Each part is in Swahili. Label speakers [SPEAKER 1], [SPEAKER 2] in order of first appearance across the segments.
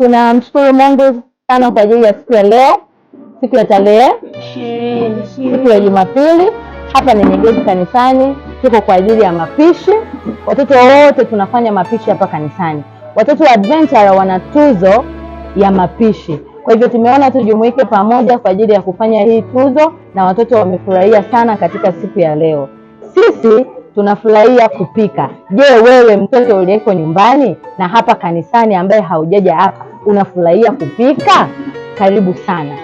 [SPEAKER 1] Tunamshukuru Mungu sana kwa ajili ya siku ya leo, siku ya tarehe siku ya Jumapili. Hapa ni Nyegezi kanisani, tuko kwa ajili ya mapishi. Watoto wote tunafanya mapishi hapa kanisani. Watoto wa Adventure wana tuzo ya mapishi, kwa hivyo tumeona tujumuike pamoja kwa ajili ya kufanya hii tuzo, na watoto wamefurahia sana katika siku ya leo. Sisi tunafurahia kupika. Je, wewe mtoto uliyeko nyumbani na hapa kanisani ambaye haujaja hapa unafurahia kupika? Karibu sana.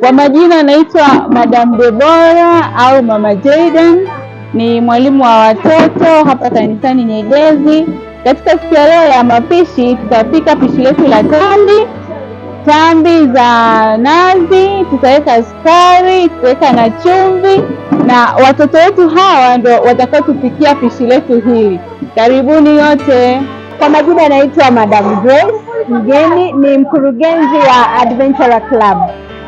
[SPEAKER 1] Kwa majina anaitwa Madam Debora au Mama jaden ni mwalimu wa watoto hapa
[SPEAKER 2] kanisani Nyegezi. Katika siku ya leo ya mapishi, tutapika pishi letu la tambi tambi za nazi, tutaweka sukari, tutaweka na chumvi, na watoto wetu hawa ndio watakaotupikia pishi letu hili. Karibuni yote. Kwa majina yanaitwa Madam Grace Mgeni, ni mkurugenzi wa Adventurer Club.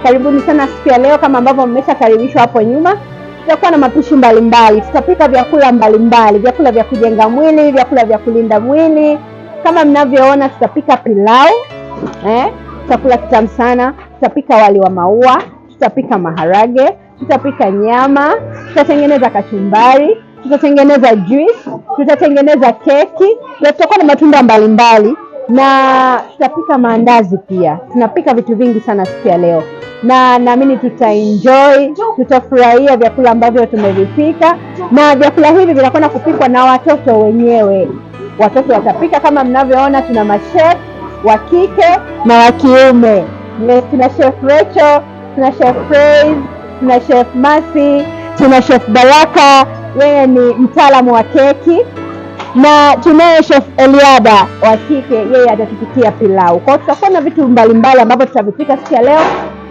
[SPEAKER 2] Karibuni sana siku ya leo, kama ambavyo mmeshakaribishwa hapo nyuma. Tutakuwa na mapishi mbalimbali, tutapika vyakula mbalimbali, vyakula vya kujenga mwili, vyakula vya kulinda mwili. Kama mnavyoona, tutapika pilau eh, chakula kitamu sana. Tutapika wali wa maua, tutapika maharage, tutapika nyama, tutatengeneza kachumbari, tutatengeneza juice tutatengeneza keki na tutakuwa na matunda mbalimbali na tutapika maandazi pia. Tunapika vitu vingi sana siku ya leo, na naamini tutaenjoy, tutafurahia vyakula ambavyo tumevipika, na vyakula hivi vinakwenda kupikwa na watoto wenyewe. Watoto watapika, kama mnavyoona, tuna mashef wa kike na wa kiume. Tuna chef Rachel, tuna chef Praise, tuna chef Masi, tuna chef Baraka yeye ni mtaalamu wa keki na tunaye Chef Eliada wa kike, yeye atatupikia pilau. Kwa hiyo tutakuwa na vitu mbalimbali ambavyo tutavipika siku ya leo.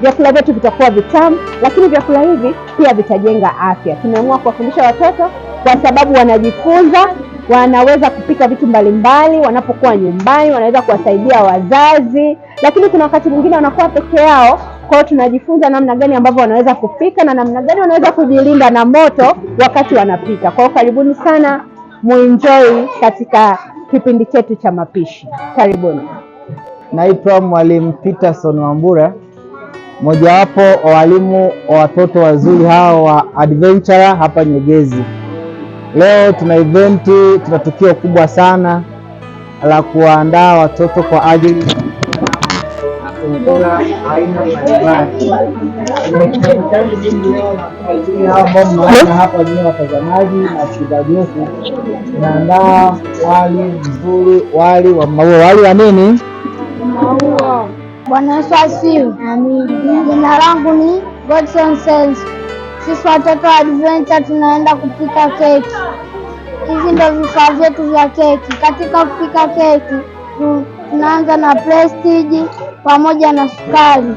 [SPEAKER 2] Vyakula vyetu vitakuwa vitamu, lakini vyakula hivi pia vitajenga afya. Tumeamua kuwafundisha watoto kwa sababu wanajifunza, wanaweza kupika vitu mbalimbali wanapokuwa nyumbani, wanaweza kuwasaidia wazazi, lakini kuna wakati mwingine wanakuwa peke yao kwao tunajifunza namna gani ambavyo wanaweza kupika na namna gani wanaweza kujilinda na moto wakati wanapika. Kwa karibuni sana, muenjoy katika kipindi chetu cha mapishi. Karibuni. Naitwa Mwalimu Peterson Wambura,
[SPEAKER 3] mojawapo wa walimu wa watoto
[SPEAKER 2] wazuri hao wa adventure hapa Nyegezi. Leo tuna eventi, tuna tukio kubwa sana la kuwaandaa watoto kwa ajili ubora
[SPEAKER 4] aina mbalimbali.
[SPEAKER 2] hapa wenyewe, watazamaji na wasikilizaji wetu, tunaandaa wali mzuri, wali wa maua. Wali wa nini?
[SPEAKER 5] Maua.
[SPEAKER 3] Bwana Yesu asifiwe. Amina. Jina langu ni Godson Sense. Sisi watoto wa Adventa tunaenda kupika keki. Hivi ndio vifaa vyetu vya keki. Katika kupika keki tunaanza na prestige pamoja na sukari.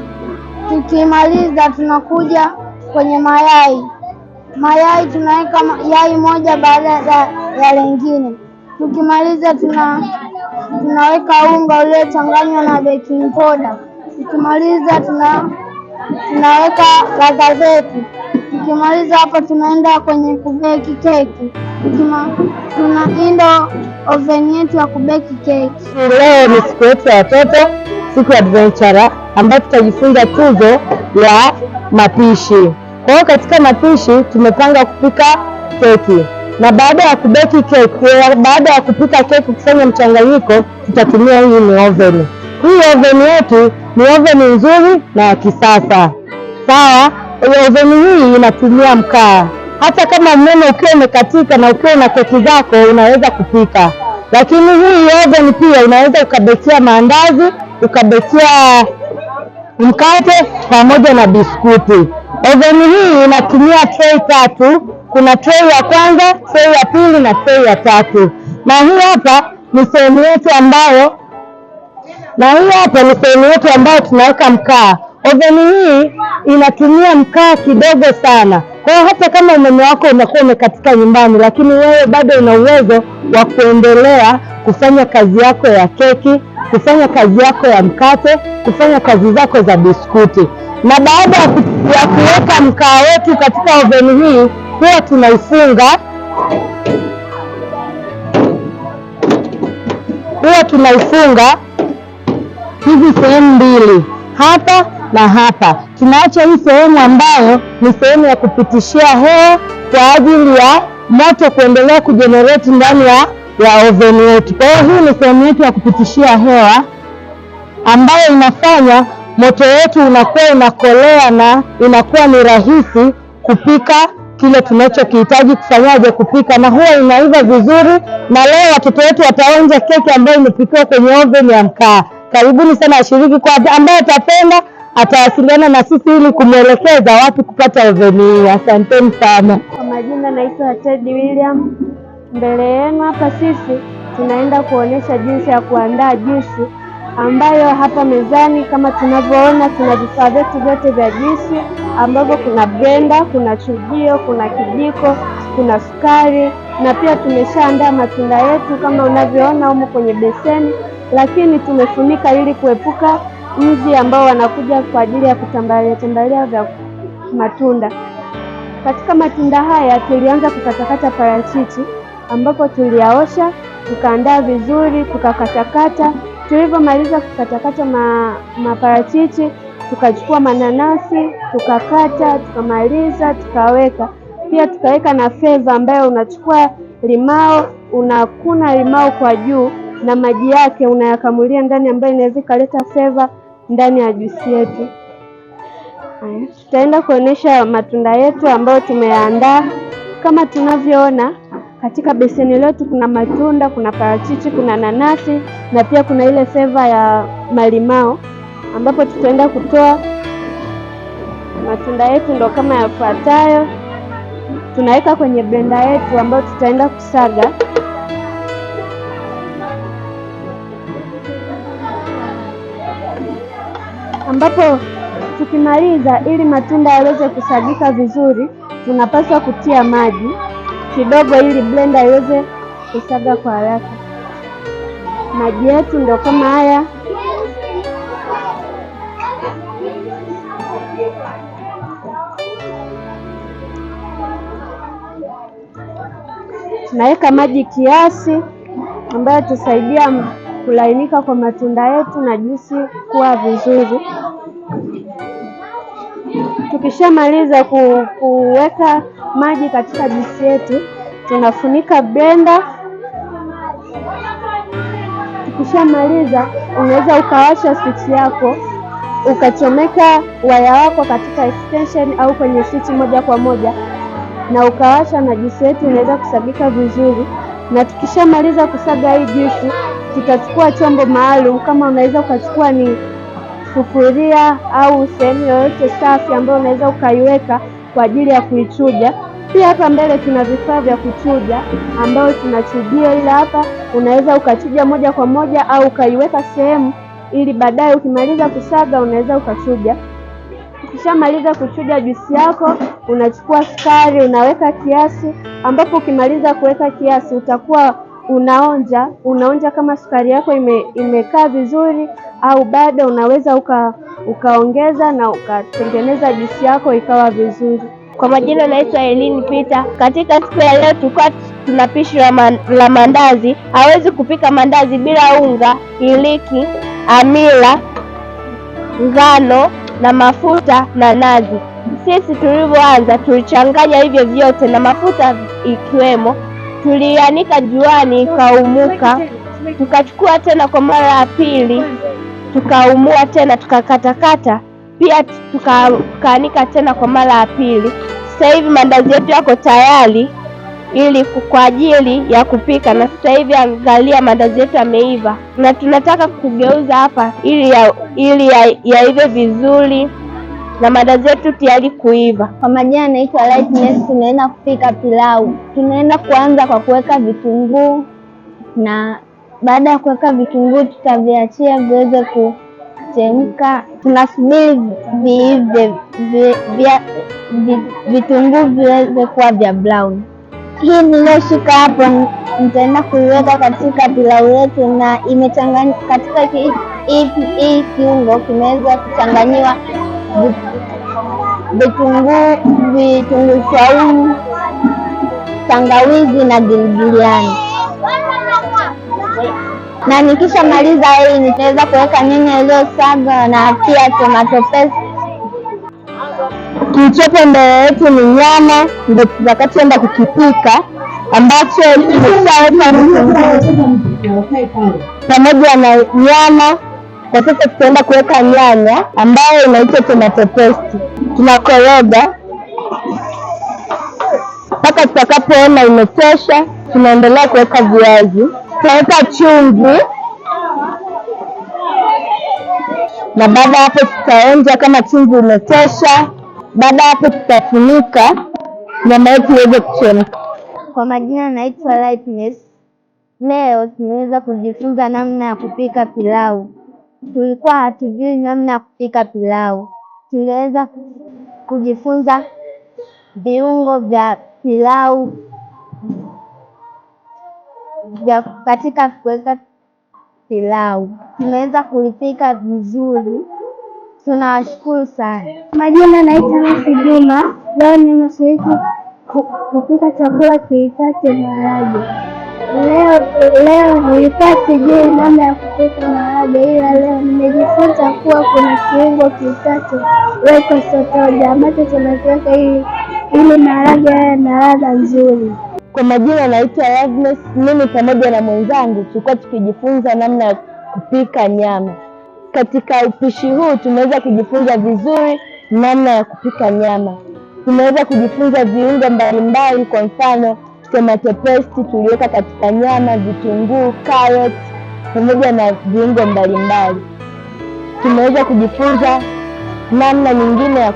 [SPEAKER 3] Tukimaliza tunakuja kwenye mayai. Mayai tunaweka yai moja baada ya lingine. Tukimaliza tuna tunaweka unga uliochanganywa na baking powder. Tukimaliza tuna tunaweka ladha zetu. Tukimaliza hapo, tunaenda kwenye kubeki keki. Tuna
[SPEAKER 1] indo oven yetu ya kubeki keki. Leo ni siku yetu ya watoto ya adventure ambayo tutajifunza tuzo ya mapishi. Kwa hiyo katika mapishi tumepanga kupika keki na baada ya kubeki keki, eh, baada ya kupika keki kufanya mchanganyiko, tutatumia hii ni oven. Hii oven yetu ni oven nzuri na ya kisasa, sawa. Eh, oven hii inatumia mkaa, hata kama umeme ukiwa umekatika na ukiwa na keki zako unaweza kupika, lakini hii oven pia unaweza ukabekia maandazi tukabekia mkate pamoja na biskuti. Oveni hii inatumia trei tatu, kuna trei ya kwanza, trei ya pili na trei ya tatu, na hii hapa ni sehemu yetu ambayo na hii hapa ni sehemu yetu ambayo tunaweka mkaa. Oveni hii inatumia mkaa kidogo sana, kwa hiyo hata kama umeme wako unakuwa umekatika nyumbani, lakini wewe bado una uwezo wa kuendelea kufanya kazi yako ya keki, kufanya kazi yako ya mkate, kufanya kazi zako za biskuti. Na baada ya kuweka mkaa wetu katika oveni hii, huwa tunaifunga huwa tunaifunga hizi sehemu mbili hapa na hapa tunaacha hii sehemu ambayo ni sehemu ya kupitishia hewa kwa ajili ya moto kuendelea kujenereti ndani ya ya oven yetu. Kwa hiyo hii ni sehemu yetu ya kupitishia hewa ambayo inafanya moto wetu unakuwa unakolea na inakuwa ni rahisi kupika kile tunachokihitaji kufanyaje kupika, na huwa inaiva vizuri. Na leo watoto wetu wataonja keki ambayo imepikiwa kwenye oven ya mkaa. Karibuni sana washiriki, kwa ambaye atapenda atawasiliana na sisi ili kumwelekeza wapi kupata oveni hii. Asanteni sana.
[SPEAKER 4] Kwa majina naitwa Teddy William. Mbele yenu hapa sisi tunaenda kuonyesha jinsi ya kuandaa juisi ambayo hapa mezani kama tunavyoona tuna vifaa vyetu vyote vya juisi ambavyo kuna blender, kuna chujio, kuna kijiko, kuna sukari na pia tumeshaandaa matunda yetu kama unavyoona humu kwenye beseni, lakini tumefunika ili kuepuka mji ambao wanakuja kwa ajili ya kutambalia tambalia vya matunda. Katika matunda haya tulianza kukatakata parachichi, ambapo tuliyaosha tukaandaa vizuri tukakatakata. Tulivyomaliza kukatakata ma, maparachichi tukachukua mananasi tukakata, tukamaliza tukaweka, pia tukaweka na feva ambayo unachukua limao unakuna limao kwa juu na maji yake unayakamulia ndani, ambayo inaweza ikaleta seva ndani ya juisi yetu. tutaenda kuonesha matunda yetu ambayo tumeyaandaa. Kama tunavyoona katika beseni letu, kuna matunda, kuna parachichi, kuna nanasi na pia kuna ile seva ya malimao, ambapo tutaenda kutoa matunda yetu ndo kama yafuatayo. Tunaweka kwenye blender yetu ambayo tutaenda kusaga ambapo tukimaliza, ili matunda yaweze kusagika vizuri, tunapaswa kutia maji kidogo, ili blender iweze kusaga kwa haraka. Maji yetu ndio kama haya. Tunaweka maji kiasi ambayo tusaidia kulainika kwa matunda yetu na juisi kuwa vizuri. Tukishamaliza ku, kuweka maji katika juisi yetu tunafunika blender. Tukishamaliza unaweza ukawasha switch yako ukachomeka waya wako katika extension au kwenye switch moja kwa moja na ukawasha, na juisi yetu inaweza kusagika vizuri. Na tukishamaliza kusaga hii juisi Utachukua chombo maalum, kama unaweza ukachukua ni sufuria au sehemu yoyote safi ambayo unaweza ukaiweka kwa ajili ya kuichuja. Pia hapa mbele tuna vifaa vya kuchuja ambayo tunachujia, ila hapa unaweza ukachuja moja kwa moja au ukaiweka sehemu ili baadaye ukimaliza kusaga unaweza ukachuja. Ukishamaliza kuchuja juisi yako, unachukua sukari unaweka kiasi, ambapo ukimaliza kuweka kiasi utakuwa unaonja, unaonja kama sukari yako ime, imekaa vizuri au bado.
[SPEAKER 5] Unaweza uka, ukaongeza na ukatengeneza juisi yako ikawa vizuri. Kwa majina naitwa Elini Peter. Katika siku ya leo tulikuwa tuna pishi la mandazi. Hawezi kupika mandazi bila unga, iliki, amila, ngano na mafuta na nazi. Sisi tulivyoanza tulichanganya hivyo vyote na mafuta ikiwemo tulianika juani ikaumuka, tukachukua tena kwa mara ya pili, tukaumua tena tukakatakata, pia tukaanika tena kwa mara ya pili. Sasa hivi mandazi yetu yako tayari ili kwa ajili ya kupika, na sasa hivi angalia, mandazi yetu yameiva na tunataka kugeuza hapa ili yaive ya, ya vizuri na mada zetu tayari kuiva. Kwa majina anaitwa
[SPEAKER 3] Lightness. Tunaenda kupika pilau. Tunaenda kuanza kwa kuweka vitunguu, na baada ya kuweka vitunguu tutaviachia viweze kuchemka. Tunasubiri viive vitunguu viweze kuwa vya brown. Hii niliyoshika hapo nitaenda kuiweka katika pilau yetu, na imechanganyika katika hii kiungo kimeweza kuchanganyiwa vitunguu vitunguu saumu,
[SPEAKER 1] tangawizi
[SPEAKER 3] na giligiliani.
[SPEAKER 1] Na nikisha maliza
[SPEAKER 3] hii nitaweza kuweka nyanya iliyosaga na pia tomato paste. Kilichopo mbele yetu ni
[SPEAKER 5] nyama, ndio tutakachoenda kukipika ambacho tumeshaweka pamoja na nyama kwa sasa tutaenda kuweka nyanya ambayo inaitwa tomato paste. Tunakoroga mpaka tutakapoona imetosha. Tunaendelea kuweka viazi, tutaweka chumvi na baada ya hapo tutaonja kama chumvi imetosha. Baada ya hapo tutafunika
[SPEAKER 1] nyama yetu iweze kuchemka.
[SPEAKER 3] Kwa majina naitwa Lightness. Leo tumeweza kujifunza namna ya kupika pilau tulikuwa hatujui namna ya kupika pilau, tuliweza kujifunza viungo vya pilau vya katika kuweka pilau, tumeweza kulipika vizuri. Tunawashukuru sana. Majina naitwa Nasi Juma. Leo nimeshiriki kupika chakula kiitwacho maharage. Leo leo huipati je namna ya kupika maharage, ila leo nimejifunza kuwa kuna kiungo kitatu weka sotoja ambacho tunakiweka ili ili maharage haya na ladha nzuri. Kwa majina naitwa Agnes. Mimi pamoja
[SPEAKER 5] na mwenzangu tulikuwa tukijifunza namna ya kupika nyama. Katika upishi huu tumeweza kujifunza vizuri namna ya kupika nyama, tumeweza kujifunza viungo mbalimbali, kwa mfano tomato paste tuliweka katika nyama, vitunguu, carrot pamoja na viungo mbalimbali. Tumeweza kujifunza namna nyingine ya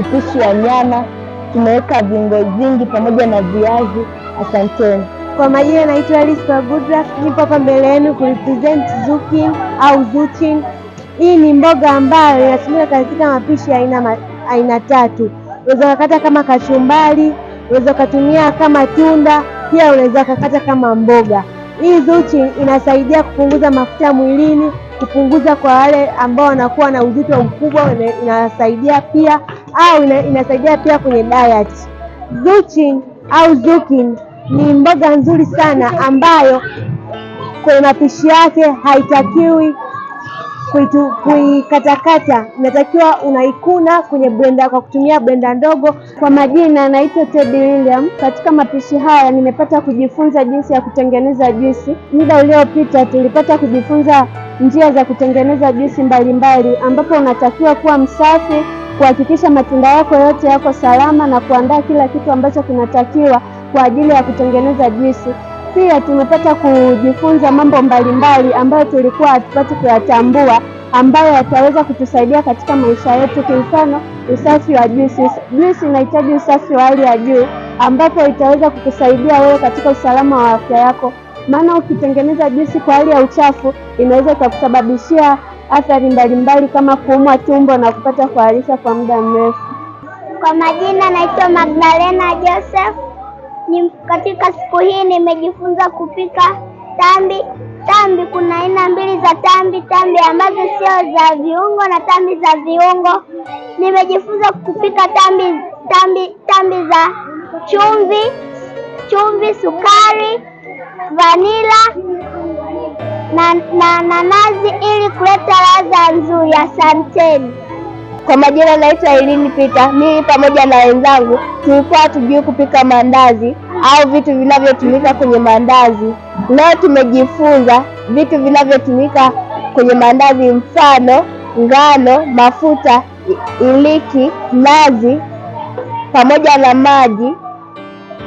[SPEAKER 5] upishi wa nyama,
[SPEAKER 4] tumeweka viungo vingi pamoja na viazi. Asanteni. Kwa majina naitwa Alice Wagudra, nipo hapa mbele yenu kurepresent zuki au zucchini. Hii ni mboga ambayo inatumika katika mapishi aina aina tatu. Unaweza kukata kama kachumbari unaweza ukatumia kama tunda, pia unaweza ukakata kama mboga. Hii zuchi inasaidia kupunguza mafuta mwilini, kupunguza kwa wale ambao wanakuwa na uzito mkubwa, inasaidia pia au inasaidia pia kwenye diet. Zuchi au zukin ni mboga nzuri sana ambayo kwenye mapishi yake haitakiwi
[SPEAKER 1] kuikatakata
[SPEAKER 4] inatakiwa unaikuna kwenye blenda kwa kutumia blenda ndogo. Kwa majina naitwa Ted William. Katika mapishi haya nimepata kujifunza jinsi ya kutengeneza juisi. Muda uliopita tulipata kujifunza njia za kutengeneza juisi mbalimbali, ambapo unatakiwa kuwa msafi, kuhakikisha matunda yako yote yako salama na kuandaa kila kitu ambacho kinatakiwa kwa ajili ya kutengeneza juisi. Pia tumepata kujifunza mambo mbalimbali ambayo tulikuwa hatupati kuyatambua ambayo yataweza kutusaidia katika maisha yetu. Kwa mfano, usafi wa juisi. Juisi inahitaji usafi wa hali ya juu, ambapo itaweza kukusaidia wewe katika usalama wa afya yako, maana ukitengeneza juisi kwa hali ya uchafu inaweza ikakusababishia athari mbalimbali kama kuumwa tumbo na kupata kuharisha kwa muda mrefu.
[SPEAKER 3] Kwa majina naitwa Magdalena Joseph ni, katika siku hii nimejifunza kupika tambi. Tambi kuna aina mbili za tambi, tambi ambazo sio za viungo na tambi za viungo. Nimejifunza kupika tambi, tambi, tambi za chumvi, chumvi, sukari, vanila na, na, na nazi ili kuleta ladha nzuri. Asanteni. Kwa majina naitwa Elini Pita. Mimi pamoja na wenzangu
[SPEAKER 5] tulikuwa hatujui kupika mandazi au vitu vinavyotumika kwenye mandazi. Leo tumejifunza vitu vinavyotumika kwenye mandazi, mfano ngano, mafuta, iliki, nazi pamoja na maji.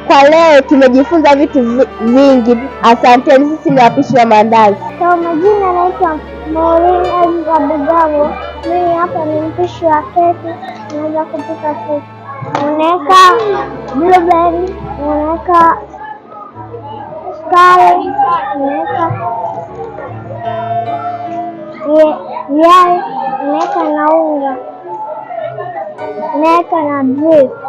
[SPEAKER 5] Kwa leo tumejifunza vitu vingi. Asanteni, sisi ni wapishi wa mandazi.
[SPEAKER 3] Kwa majina naitwa Maureen Ali Rabugabo mimi hapa ni mpishi wa keki, naweza kupika keki. Unaweka blueberry, unaweka sukari, unaweka yai, unaweka na unga, unaweka na brick